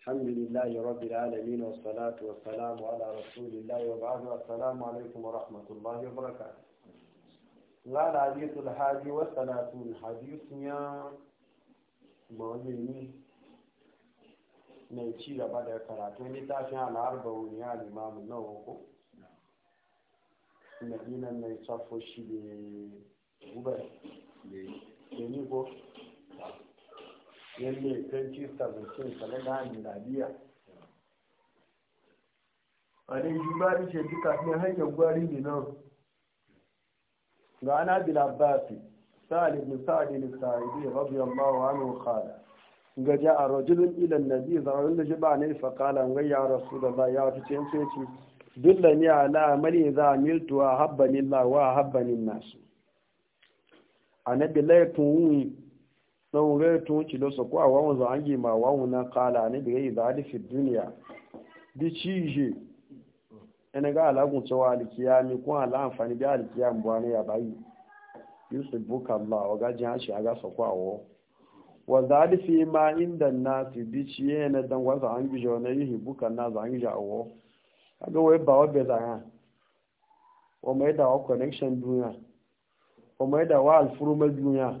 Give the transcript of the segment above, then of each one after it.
الحمد لله رب العالمين والصلاة والسلام على رسول الله وبعد السلام عليكم ورحمة الله وبركاته قال حديث الحادي والثلاثون حديث يا مؤمنين mai ci gaba da karatun littafin al'arba'un ya limamu na uku madinan mai tsafo shi da gubar da ni ko yadda 2017 kalenda nadiya a ne shi ba ni ce duka ne hanyar gwari ne nan ga ana bilabasi sa'ad ibn sa'ad ibn sa'id radiyallahu anhu qala ga ja'a rajulun ila an-nabi zaman da jiba ne fa qala ga ya rasulullah ya wata cin sai ci ni ala mali za miltu wa habbani allah wa habbanin an-nas annabi la wuni. na wunga tun wuce da su kuwa wawon za an ma wawon na kala ne da ya yi zaɗi fi duniya bi ci je ina ga alagun cewa alikiyami kun ala amfani bi alikiyami buwa ne ya bayi yusuf buka allah wa gajin hashi a gasa kuwa wa zaɗi fi ma inda nasi bi ci yana dan wasa an gijo na yi buka na za an gijo a wawo a ga wai ba wabe zaya wa mai da wa connection duniya wa mai da wa alfurumar duniya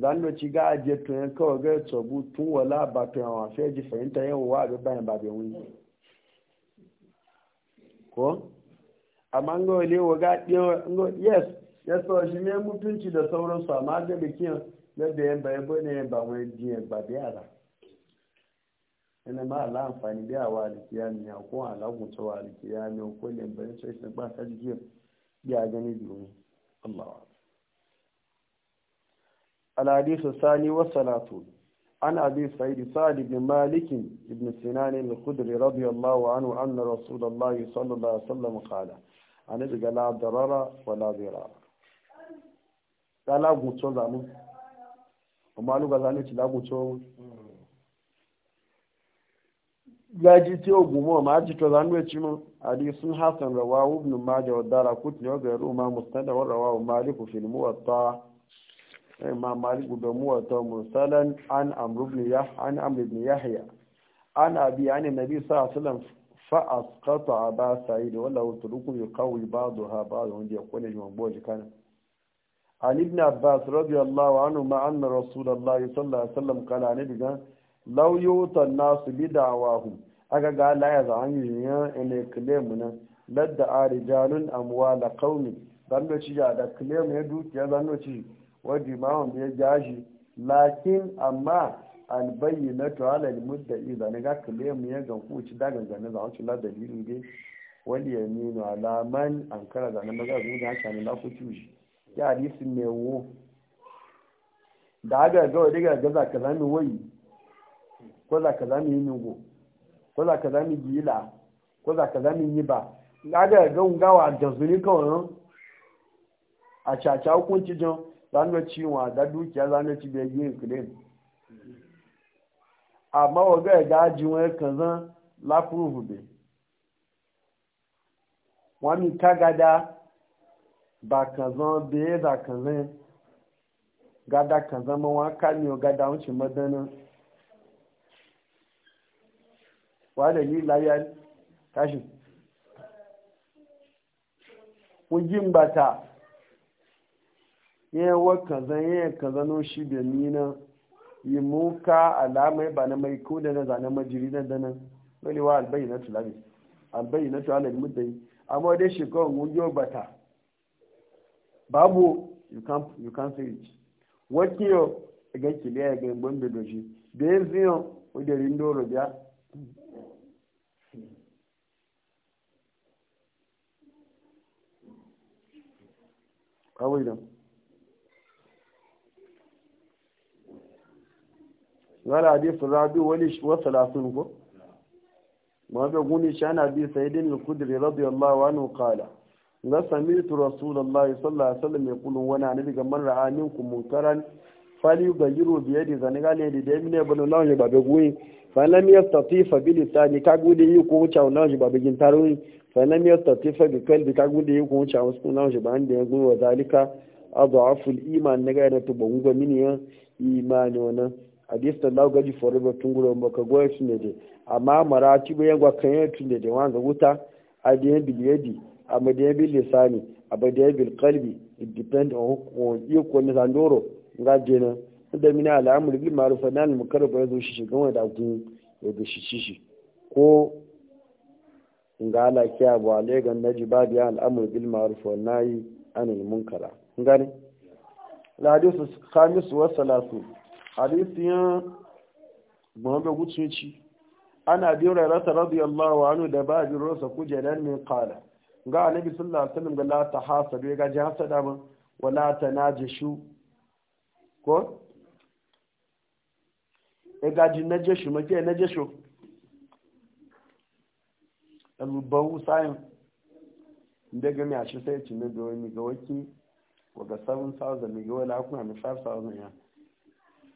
zanu ci ga aje tun kawai ga tsobu tun wala ba tun yawa sai ji fahimta yawa wa abin bayan ba bai wuni ko amma ga wale wa ga yes ya so shi e ne mutunci da sauransu amma ga bikin yadda yan bayan bane yan ba wani jiyan ba biyara ina e ma ala amfani biya wa alikiyami ya ko alagun ta wa alikiyami ko lembayin sai e sun ba ta jiyan biya gani biyu Allah الحديث الثاني والثلاثون عن أبي سعيد سعد بن مالك بن سنان القدر رضي الله عنه أن رسول الله صلى الله عليه وسلم قال أنا بقى لا ضرر ولا ضرار لا لا غوتو زامو وما لو غزانو تي لا غوتو gaji tí ó gùnmọ́ máa ti tọ́lá ní ẹ̀tí mọ́ àdísún hassan rawahu ibn majah wa dara kutni wa gairu ma musnad wa rawahu malik fi muwatta imam eh, malik da muwatta mursalan an amr ibn yahya an amr ibn yahya an abi an nabi sallallahu alaihi wasallam fa asqata ba sa'id wala turuku yuqawi ba'daha ba'dhum yakuna jumboji kana an ibn abbas radiyallahu anhu ma anna rasulullahi sallallahu alaihi wasallam kana ne diga law yuta an-nas bid'awahum aga ga la ya zan yi ya ene claim na ladda arijalun amwala qaumi dan da ci da claim ya dukiya dan da ci wadda imawon ya jashi lakin amma albayi na tuwala da mudda iza na ga kalemu ya gan kuci dagan zane za a ladar dalilin dai wani ya nuna alaman an kara zane a zuwa da haka ne lafuci shi ya hadisi ne wo da aga ga wadda ga gaza ka zami wayi ko za ka zami yi nugo ko za ka zami gila ko za ka zami yi ba aga ga gawa da zuni kawai a caca hukunci jan zanuwa ciwa da dukiya zanuwa ci bai yi claim amma waga ya gaji wani kazan lafurufu bai wani kagada ba kazan bai da kazan gada kazan ma wani kamiyo gada wuce madanin wadda yi layar tashi kujin bata wa kaza ye kaza no shi da ni na yi muka alama ba na mai ko da na zana majiri na dana wani wa albayi na tulabi albayi na tulabi muddai amma dai shekaru wujo bata babu you can't you can't say it wakiyo e ga kiliya e ga da doji da yin ziyan wajen doro biya kawai da wala hadith rabi wani wa salatun ko mawabe guni shi ana bi sayyidin al qudri radiyallahu anhu qala na samitu rasulullahi sallallahu alaihi wasallam yaqulu wa ana nabi man ra'a minkum munkaran falyughayyiru bi yadi zaniga di da mine bano na ba be guni fa lam yastati fa bi lisani ka gudi yi ko wuce wannan shi ba be gintarun fa lam yastati fa bi kalbi ka gudi yi ko wuce wasu na shi ba da ya guni wa zalika adhafu al-iman naga da to bangu mini imani wannan hadis da lau gaji forever tunguro maka goya su ne de amma mara ci bayan gwa kan yi tun da de wanga wuta adiyan bil yadi amadiyan bil lisani abadiyan bil kalbi it depend on iko ne zandoro nga jena da mina al'amur bil ma'ruf wa nahy munkar ba yazo shi shigan wanda ku ya ga shi shi ko nga la kiya ba le ga naji ba biya al'amur bil ma'ruf wa nahy anil munkara ngani khamis wa salasu hadisiyan gbọ́nbẹ̀ gutunci ana bi rairata radiyallahu anhu da ba bi rosa kujeran min qala ga annabi sallallahu alaihi wasallam ga la tahasadu ga ji hasada man wala tanajishu ko e ga ji najishu make na abu bawu sayan da gami a shi sai ci na ga wani ga ga 7000 ga wala kuma 5000 ya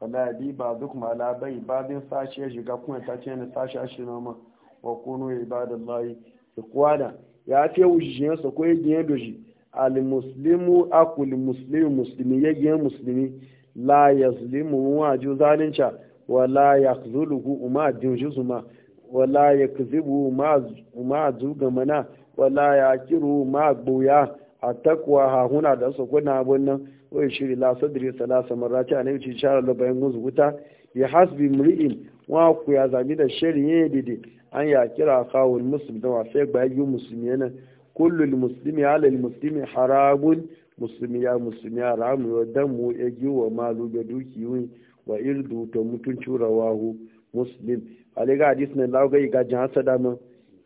wala bi ba duk mala bai ba sashi ya shiga kuma ta ce na sashi a shi nama wa kunu ibadallahi da ya ce wujiyar sa ko yayin doji al muslimu aqul muslimu muslimi yayin muslimi la yazlimu wa ju zalinca la yaqzuluhu umma jinjuzuma wala yakzibu ma ma zugamana wala yakiru ma buya atakwa ha huna da su kuna bunnan wa yashiri la sadri salasa marati annabi yuti shara la bayan muzu wuta bi hasbi mri'in wa ku ya zami da shari ne dide an ya kira kawul muslim da wa sai bayu muslimi yana kullu muslimi ala muslimi harabun muslimi ya muslimi ya ramu wa damu ya wa malu da dukiyun wa irdu to mutunci rawahu muslim ale ga hadis ne lawo ga iga jan sada ma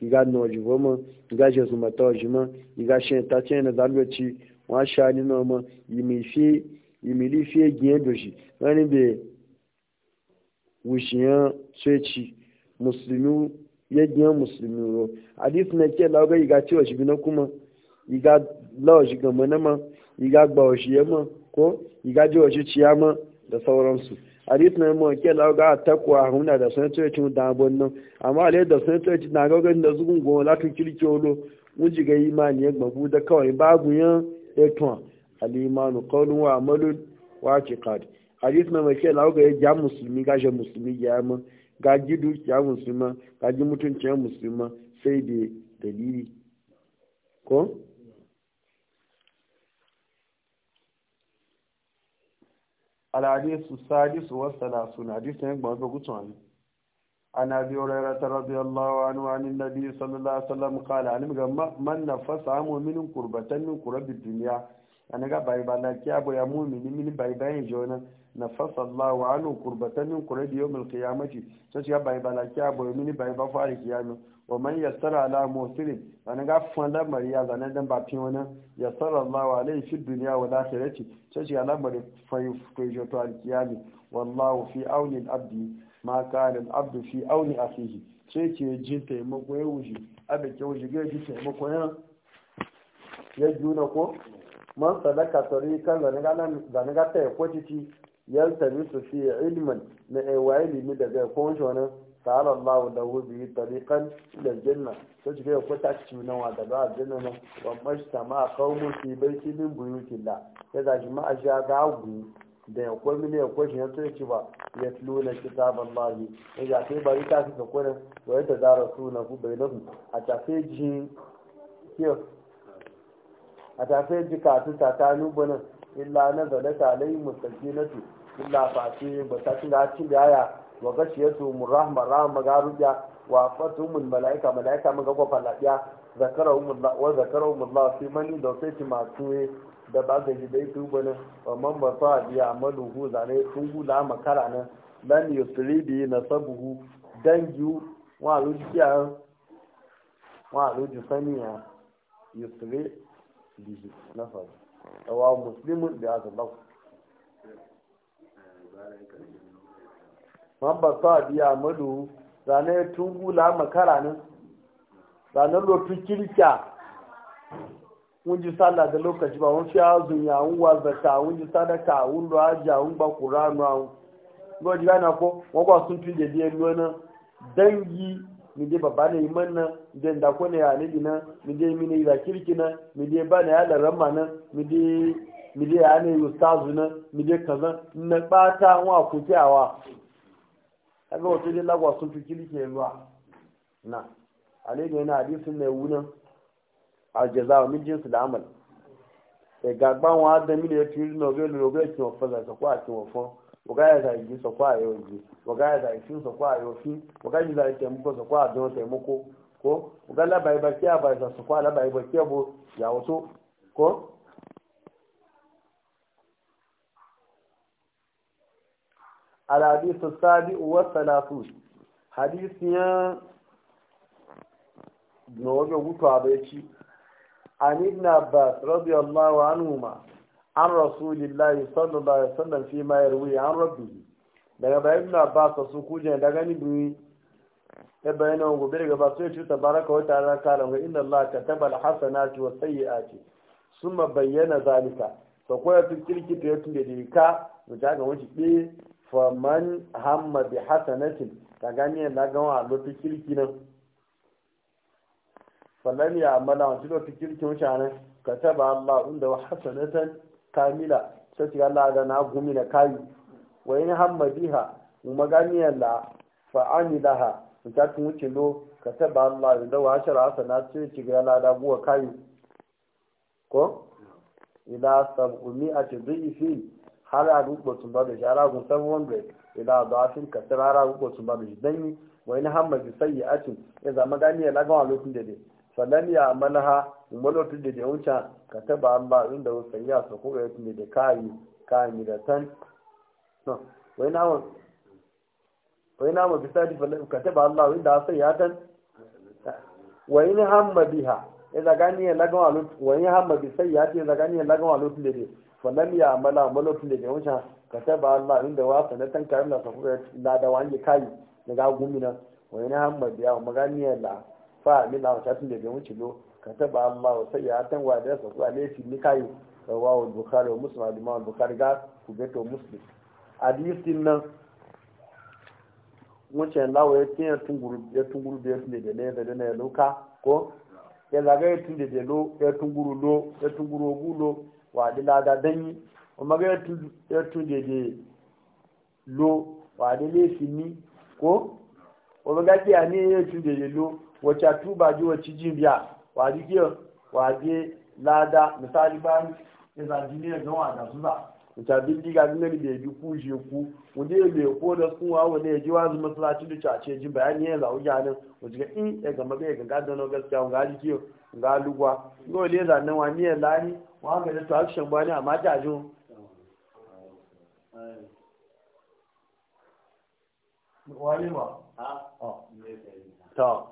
iga noji ma iga jesu mata ma iga shen ta ce na wọ́n aṣa nínú ọmọ ìmìlí fi ẹ̀dọ̀ṣì wọ́n níbẹ̀ wùsìyàn ṣẹ́ẹ̀ṣì mùsùlùmí yẹ́gìyàn mùsùlùmí rọ̀ àdìsí náà kí ẹ̀ láwọ́ ìgá tí ọ̀ṣì bí nákú mọ́ ìgá láọ̀ṣì mọ́ náà mọ́ ìgá gba ọ̀ṣì yẹ mọ́ kó ìgá jẹ́ ọ̀ṣì a mọ́ da sauransu hadith na mu ke lauga takwa huna da sanatoci da abun nan da sanatoci na gaugan da olo ji kawai babu yan etuwa al'imanu kaunin wa amalun wa cikad hadis na mai kai lauga ya musulmi gashe musulmi ya ma gaji dukiya musulma gaji mutunciyar musulma sai da dalili ko al-hadis sadis wa salasuna hadis ne gbogbo gutsuwa ne عن أبي هريرة رضي الله عنه عن النبي صلى الله عليه وسلم قال عن من نفس عام من قربة من قرب الدنيا أنا قال باي بالا كي أبو يا مؤمن من باي باي جونا نفس الله عنه قربة من قرب يوم القيامة تشي باي بالا كي أبو يمين باي با فارق يعني ومن يسر على موسر أنا قال فندا مريا زنا دم باتيونا يسر الله عليه في الدنيا والآخرة تشي على مريا فيجوتو القيامة والله في أول الأبدي ma kanin abdu fi auni a sai ke ji taimako ya wuce abin ke wuce ga ji taimako ya ya juna ko man sadaka tarikan zanaga ta ya titi yalta misu fi ilman na aiwa ilimi daga kowace wani ta'ala Allah da wuzi tariqan ila janna sai kike ko ta ci nan wa da ba janna nan wa majtama qaumu fi baiti min buyutillah kaza jama'a ja ga gu da ya kwa ne ya kwashe ya tsaye yake ba ya tilo na kitaban mahi ya ga sai bari ta fi kakwanin da ya ta zara su na ku bai nasu a tafe ji a tafe ji kafin tsakanin banan illa na zane talai musulki na su illa fasi ba ta tuna cin yaya wa gashiyatu murahma rahama ga rubiya wa fatumun mala'ika mala'ika mun ga kwafa lafiya zakarar Allah fi mani da sai ci masu da ba ga gidai tubanin wa man ba sa biya amalu hu zane sun gula makara nan lan yusri bi nasabuhu dangi wa lujiya wa luji saniya yusri bi nasab wa muslimun bi a law man ba sa biya amalu zane tungula makara nan ranar lotu kirka wọ́n jí sálà dé lókàtí bá wọ́n fi ààzùn yà ń wà zaka wọ́n jí sádàkà wọ́n lọ àjà wọ́n gba kùránù àwọn wọ́n jí gánà kọ́ wọ́n kọ́ sun tún jẹ̀dí ẹnu ẹ̀nà dangi mi dé bàbá ní ìmọ̀ náà mi dé ndakọ́ ní àlejò náà mi dé mi ní ìlà kirki náà mi dé bá ní àlàrà mà náà mi dé mi dé àná ìlú sáàzù náà mi dé kàn náà nà pátá wọn àkùtì àwa ẹgbẹ́ wọ́n tó sun tún kirki ẹ̀ lọ́à alaihi yana hadisin mai wunan aljaza wa min jinsu da amal gagban wa da mini ya tiri na obe na obe kin ofa za sakwa a kin ofan waga ya zai ji sakwa a yau ji waga ya zai fin sakwa a yau fin waga ya zai taimako sakwa a don taimako ko waga labai ba kiya ba za sakwa labai ba kiya bo ya wato ko الحديث السابع والثلاثون حديث na wajen gutu a bai ci an ibn abbas radiyallahu an rasulillahi sallallahu alaihi wasallam fi ma an rabbi ibn abbas daga bayyana gobe daga basu ci tabaraka wa ta'ala kalan wa inna allaha kataba alhasanati was sayyiati bayyana zalika to ko ya fi kirki to ya tunde da ka na falan ya amala wa jilo fi kirkin mutane ka taba Allah inda wa hasanatan kamila sai ci Allah da na gumi na kayu wa in hammadiha maganiya la fa amilaha ta tun wuce lo ka taba Allah inda wa shara hasana sai ci ga Allah da buwa kayi ko ila sab'umi ati dhifi har a rubo tun ba da shara gun 700 ila dhafin ka tsara rubo tun ba da danyi wa in hammadi sayyi'atin ya zama ganiya la ga lokacin da dai falam ya malaha umalotu da da wuce ka taba an ba inda wasu ya su kuma ya tuni da kayi kayi da tan wai na ma bisa da falam ka taba Allah inda sai ya tan wai ni hamma biha ya zaga ni ya lagawa walut wai ni hamma bisai ya ce ya zaga ni ya lagawa walut da da falam ya mala umalotu da da wuce ka taba Allah inda wasan da tan kayi da su kuma ya da wani kayi daga gumina wai ni hamma biha magani ya la fa min na wata tun da bai wuce lo ka taba amma wa sai ya tan wa da su kuwa ne fi nikayi rawahu bukhari wa muslim al imam bukhari ga ku beto muslim hadisin nan wuce lawa ya tiyan tunguru ya tunguru da tun da ne da ne loka ko ya zaga ya tun da lo ya tunguru lo ya tunguru ogu lo wa dila da danyi o maga ya tun ya tun da lo wa dile fi ni ko o maga ya ni ya tun da lo wacce a tuba ji wacce ji biya wa ji ke wa lada misali bayan ya zaji ne ga wa da zuba wacce abin diga ne da ya bi ku je ku wanda ya bai ko da sun wa wanda ya ji wa zuma da cace ji bayani ya zawo janin wacce ga in ya gama ga ga gadan na gaskiya ga ji ke ga lugwa ko le wa ne lani wa ga da tashin bani amma ta jo wani ba? Ha?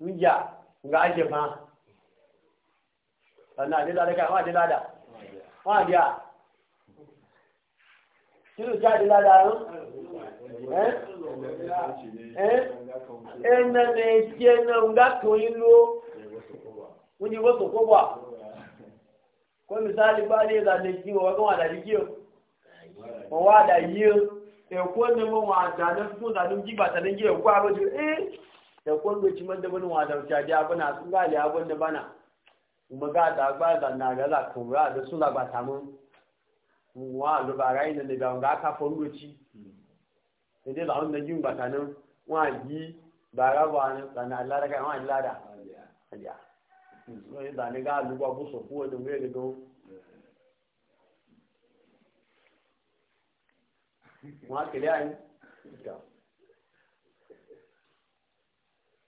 wíjà nga á ma. fan ọ̀nà àdíládé ká wọ́n àdíládà wọ́n àdíà tírù tí àdíládà rún na ní ẹjẹ́ na nga tó nílò wọ́n ti wọ́sọ̀ kó wà kó misali bá lè là ní jí wọ́n wọ́n àdàdí jí o wọ́n wọ́n àdàyí o ẹ̀kọ́ ni mo da kwando ci man da bani wa da ta ja bana sun ga le abun da bana kuma ga da ba da na ga la ko da su la ba ta mun wa lu ba rai da ga ka ci da lawan da jin ba ta nan wa yi ba ra ba ne da na da kai wa da so yi da ne ga lu ba bu so ko da me do wa ai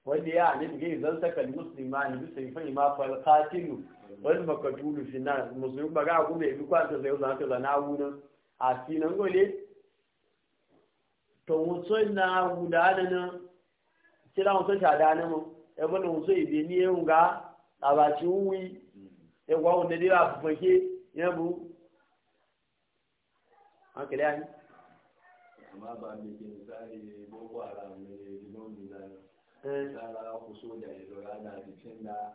wanda ya alim gai zan saka muslima ne bisa yi fahimma fal Wani wal makatulu fi nar musulmi ba ga ku mai duk wanda zai zanta zana wuna a sinan gole to wuso na gudana nan kira wuso ta dana mu e bana mutsun ibe ni yun e ga abaci uwi e gwa wanda dai ba ya yabu an kale ani amma ba mi kin sai boko haram ne don mi sara ko soja ye dɔ la da di eh. fɛn da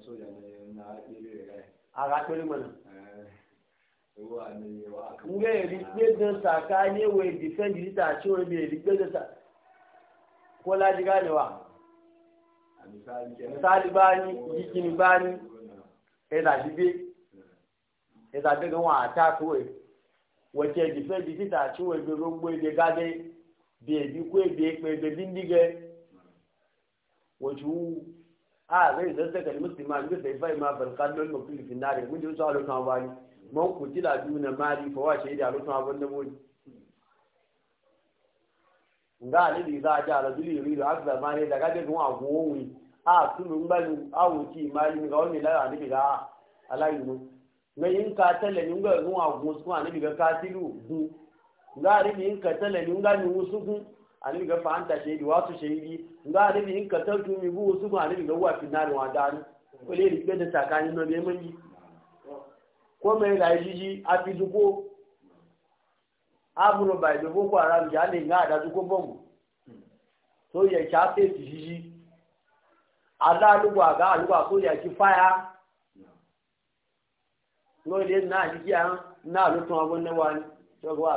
soja ne na ele yɛrɛ a ka tori mana wa ni wa kan nge eri gbe dan ta ka ni we di fɛn di ta ti o bi eri gbe dan ta ko la di ga ne wa misali ba ni yikini ba ni e da di be e da ta ko e wo je di ta ti o bi ro gbe de bi ebi ko ebi pe ebi bi ndige wajuhu a zai zanta ga muslima bi sai fai ma bal qallul mukul fi nar mun ji tsalo kan wani man ku jila duna mali fa wa shaida lutu abun da mun nga ne di za ja la duli ri da akza ma ne daga da kuma gowi a sunu mbalu awuci mali ga wani la ne ga alayi mu ngayin ka tale ni nga kuma gosu ne ka katilu bu nga ne ka tale ni nga ni wusuku annabi ga fa anta shahidi wasu shahidi ga annabi in mi bu su ba annabi ga wa wa da ko le da sakani no be manji ko mai ga jiji a fi duko aburo bai ya le da duko bom so ya cha te jiji ada lugwa ga lugwa so ya ki le na ya na lo ne wa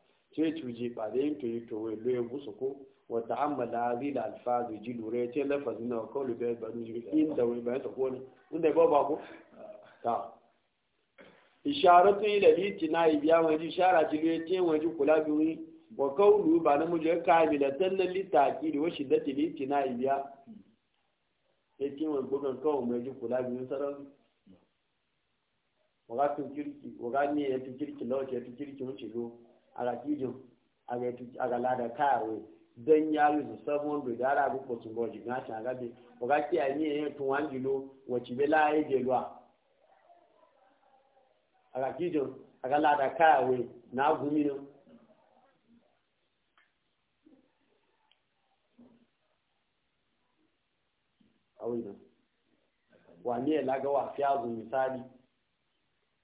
ce cuje ba da yin toyi to wai loyan musu ko wata ammala da alfazu ji lura ce lafazi na kawai bayan ba mu inda wai bayan ta kone inda ba ba ko ta isharatu ila litina ibiya wani ishara ji loyan ce wani kula biyu wa kawulu ba na mujiyar kamila tallan litaki da wasu dati litina ibiya ya ce wani bugan kawai mai ji kula biyu sarari wagatun kirki wagani ya fi kirki lawace ya fi kirki wuce lo a rakijo a ga lada kayawo don ya yi su sabon da gara rukpo su boji na shi a gabe o ga kiya ni yin tun wani jilo wacce bela ya je luwa a rakijo a ga lada na gumi ne a wani wani ya lagawa fiya misali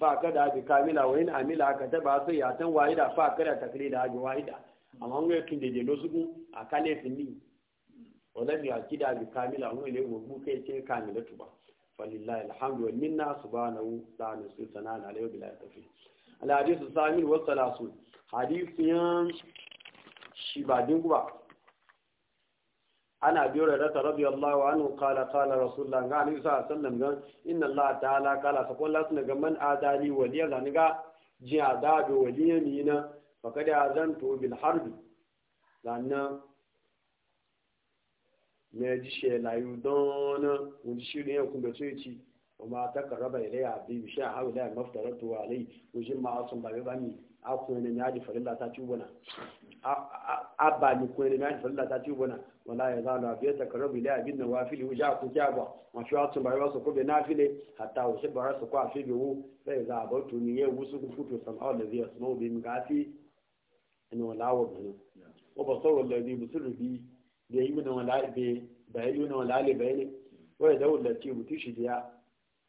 fa kada bi kamila wa in amila ka ta ba sai ya tan wahida fa kada taklida bi wahida amma ngai kin de su losugu akale ne walam yakida bi kamila ngai le wogu kai ce kamila tuba falillahi alhamdu wal minna subhanahu wa ta'ala sanan alayhi bil al hadith wa salasun hadithiyan shibadin kuba عن أبي هريرة رضي الله عنه قال قال رسول الله قال عليه الصلاة والسلام قال الله تعالى قال فقل لسنا من آداني ولي لأنك جي عذاب وليا مينا فقد آذنته بالحرب لان ما يجيش لا يدون ونشير يكون بسيتي وما تقرب إليه ابي بشيء حول ما افترضته عليه وجمع أصلا بغيباني أقول أن يعرف لله تتوبنا abani ko ne mai sallah ta ci bona wala ya zalu abiya ta karabu ila abin na wafili wuja ku jaba ma shi wasu bai wasu ko be nafile hatta wuce bara su ko a fi biwu sai za a bautu ni ya wusu ku futu sam aw da zai asma bi mugati in wala wa bi wa basaru alladhi busiru bi da yi na wala be da yi na wala le ne? wa da wallati mutushi biya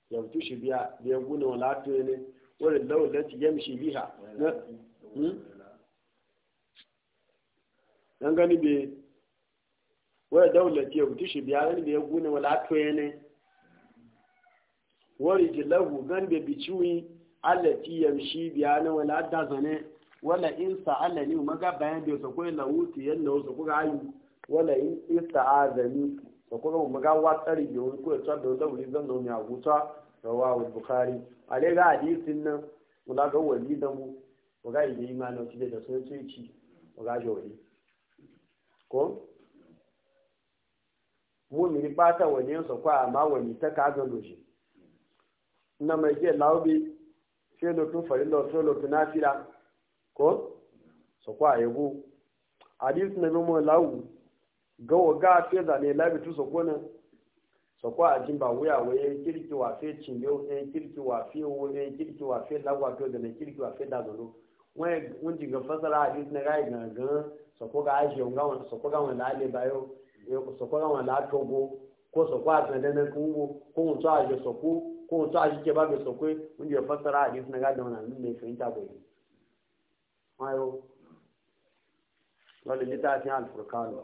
ya mutushi biya da ya guna wala to ne wa da wallati yamshi biha dan gani be waya dawlati biya butishi biyaran ya gune wala toyene wari jilahu gan be biciwi allati biya ne wala zane wala in sa'ala ni ga bayan be sako la wuti yanda so kuga ayu wala in ista'azani so kuga ga watsari be ko tsar da dawli zan da ya guta rawahu bukhari ale ga hadisin nan wala ga wali da mu ga yi imanin su da sun ce ci ga jawari ko mumini ba ta wani yansa kwa amma wani ta kaga doshi na mai ke laubi sai lotun farilla sai lotun nafila ko so kwa yabo hadis na mu lawu ga waga sai da ne labi tu so kona so kwa ajin ba wuya waye kirki wa fe cinyo e kirki wa fe wo e kirki wa fe lagwa da ne kirki wa fe da zalo wai mun ji ga fasara hadis na ga gangan. soko ga ṣe òun gáwọn sọ̀kọ́ gáwọn láàlẹ́ báyọ̀ sọ̀kọ́ gáwọn látọ́gbó kó sọ̀kọ́ àtẹnudẹ́nẹ́ kó ń wo kóhun tó àjọ sọ̀kọ́ kóhun tó àjọ jẹba bẹ sọ̀kọ́ oúnjẹ fọ́sára àdéhùn náà gádùn náà nílé ìfẹ́ ìtàkùn yìí. wọ́n yóò lọ́ọ́ lè ní tá a ti hàn fúrukán lọ.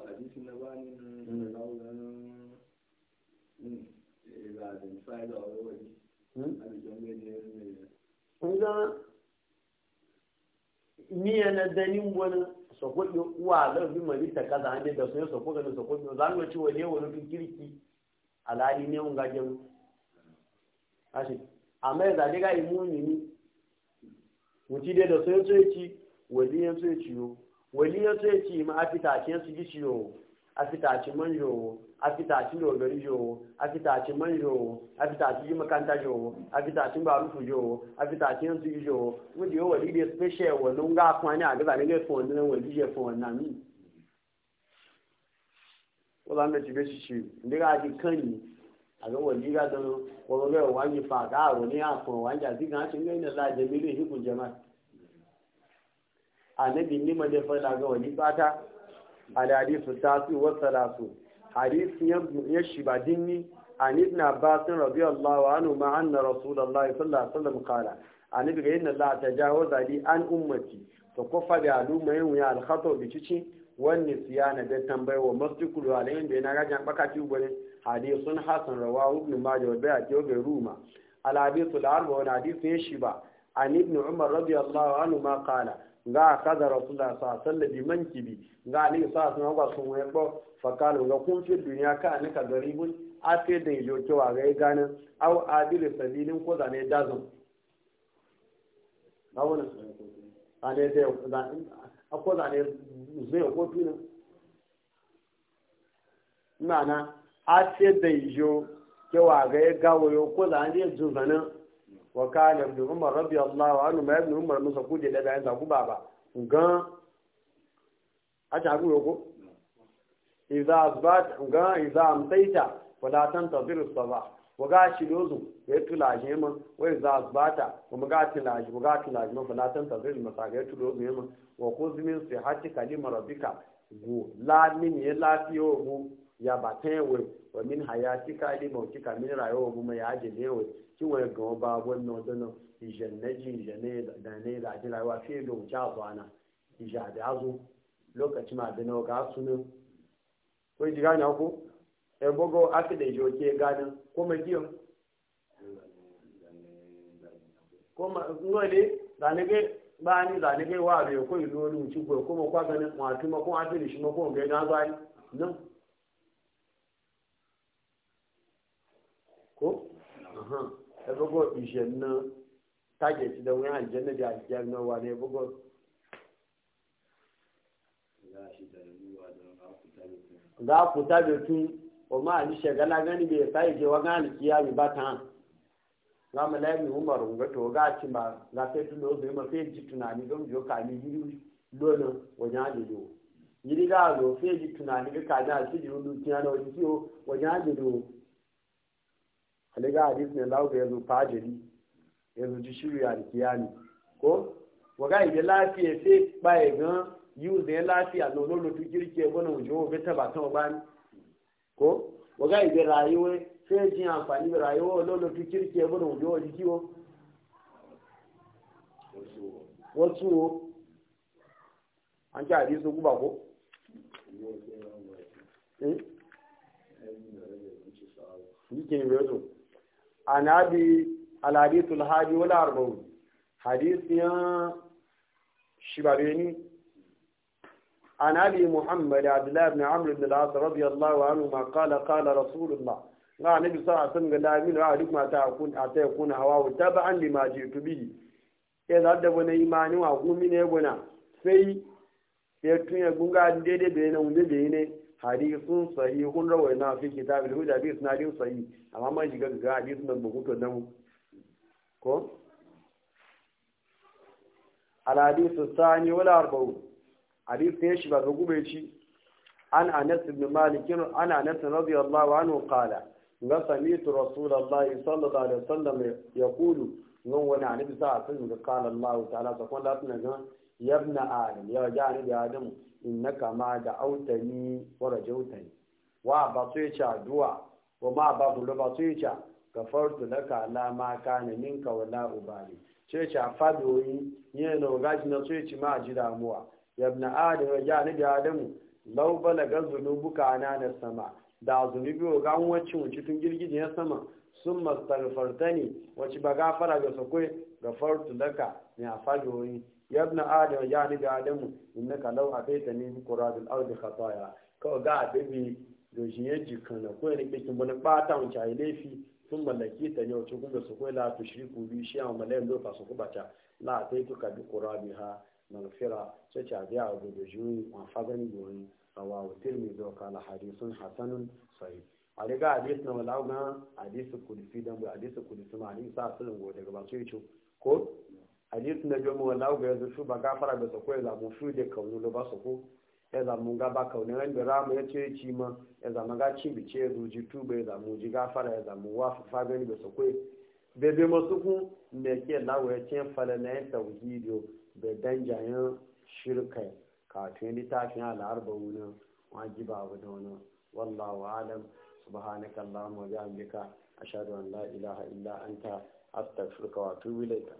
nga ni yana danin wani sọ̀kọ́ yóò wà lọ́rùn bí mọ̀lẹ́ ìtẹ̀kadà á dé dọ̀sán yóò sọ̀kọ́ gẹ̀dọ̀ sọ̀kọ́ yóò lánàá tí wọ́n lé wọn lókè kíríkì àlàyé ní òun gajẹun. àmọ́ ìdàdégà ìmú mi ni mo ti dé dọ̀sán yóò tó èkì wẹ̀lí yẹn tó èkì o wẹ̀lí yẹn tó èkì máa fi tà àti yẹn tó afitaci man jowo afitaci logari jowo afitaci man a afitaci yi makanta jowo afitaci barufu jowo afitaci yanzu yi jowo wanda a gaza ne ga fon nan wali ya fon nan ni wala shi shi di a ga wali ga don wani ga wani fa ga wani ya fon wani ja zigan shi ne hikun jama'a ni ma ga wali alhadisu tasu wa salatu hadisi ya shiba dinni an ibn abbas radiyallahu anhu ma anna rasulullahi sallallahu alaihi wasallam qala an ibn inna la tajawaza li an ummati to kofa da aluma yin ya alkhato bi cici wani siyana da tambayi wa masjikulu alayhin da yana gajan bakati gwanin hadisun hasan rawa ibn majah wa bayati wa ruma al hadisul arba wa hadisun shiba an ibn umar radiyallahu anhu ma qala ga kada rasulullah sa sallabi kibi ga ali sa sun ga sun waye ba fakal ga kun fi duniya ka ne ka garibun a te da yo kewa ga gana au adil sabilin ko zane dazun ba wani ne da da ko zane zai ko tuna mana a te da yo kewa ga gawo yo ko zane zuzanin wa kana ibn umar radiyallahu anhu ma ibn umar musa kuje da bayan zaku baba gan a ta ku yoko idza asbat ga idza amtaita wala tantazir as-sabah wa ga shi dozu ya tulaje man wa idza asbata kuma ga tulaje ga tulaje man fala tantazir al-masaga ya tulaje man wa khudh min sihhatika kalimar rabbika go la min ya lafiyo go ya bata ewe wa ya hayatika li mautika min rayuwa kuma ya ajin kiwon ga ba wannan dono ijen ji da ne da fiye da ija da lokaci ma da nawa ga sunu ko ji ga ku e bogo aka jo ko ko ma da ne ge ba ni da ne ge wa ko ilu ko aha ebogo ijen na target da wani aljanna da aljanna wa ne ebogo tun o ma ali shagala gani bai sai je wa gani kiyami ba ta za mu lai mi umar ga to ga za sai tun da zai ma sai ji tunani don biyo ka ni yiri ga aliga hadis ne lawo ga yanzu fajiri yanzu ji shiru ya kiyani ko waga ibe lafiya sai baye gan yiwu da ya lafiya lololo tu kirki ya gona wujewa bai taba kan ba ni ko waga ibe rayuwa sai jin amfani da rayuwa lololo tu kirki ya gona wujewa jiki wo wasu wo an ci hadisu guba ko eh Ni ke yi an abi al hadi wal arba'un hadith ya shibareni an abi muhammad abdullah ibn amr ibn al-as radiyallahu anhu ma qala qala rasulullah na annabi sallallahu alaihi wasallam ga lamin ra'a duk mata akun ata yakuna hawa taban lima jitu bihi ya da wani imani wa gumi ne guna sai ya ya gunga daidai da yana wunde da ne. hadisun sahihun rawai na fi kitabil huda bi isnadin sahih amma mai shiga ga hadisun nan ba kuka nan ko al hadisu sani wala arba'u hadis ne shi ba ga gube shi, an anas ibn malik an anas radiyallahu anhu qala ga samitu rasulullahi sallallahu alaihi wasallam yaqulu nan wani annabi sa a sun ga qala allah ta'ala sakon da tuna ga yabna adam ya ga annabi adam innaka kama da autani wa jautani wa ba su ca duwa wa ma ba su ba su yace gafartu laka la ma min ka wala ubali ce ca fadoyi ne da gashi na ci ma ji damuwa yabna adam ya ni da adamu ga zunubu ka na na sama da zunubi o ga wacce wacce tun girgijin ya sama sun ne wacce ba gafara ga sakwai ka ne a fadoyi ya ibn adam ya ni bi adamu innaka law ataita ni bi qurabil ardi khataya ko ga bibi da shi ya jikana ko ne kike mun bata mun chai lefi sun mallaki ta ne wacce da su kai la tushriku bi shi amma lai lofa su kubata la ataitu ka bi qurabiha maghfira sai ta biya go da shi ma fagani gori rawahu tirmidhi wa qala hadithun hasanun sahih a ga hadith na wala na hadith kulisi dan hadith kulisi ma ni sa sulun go daga ba sai ko hadisi na jomo wallahu ga yanzu su ba gafara da sako ya zamu su da kaunu da ba sako ya zamu ga ba kaunu ran da ramu ya ce ci ma ya zamu ga ci bi ce ruji tu bai zamu ji gafara ya zamu wa fa gani da sako be be masu ku ne ke lawo ya ce fala na ya tauhidiyo da danjayen shirka ka tuni ta kin ala arba'una wajiba wa dawna wallahu alam subhanakallahumma wa bihamdika ashhadu an la ilaha illa anta astaghfiruka wa atubu ilayka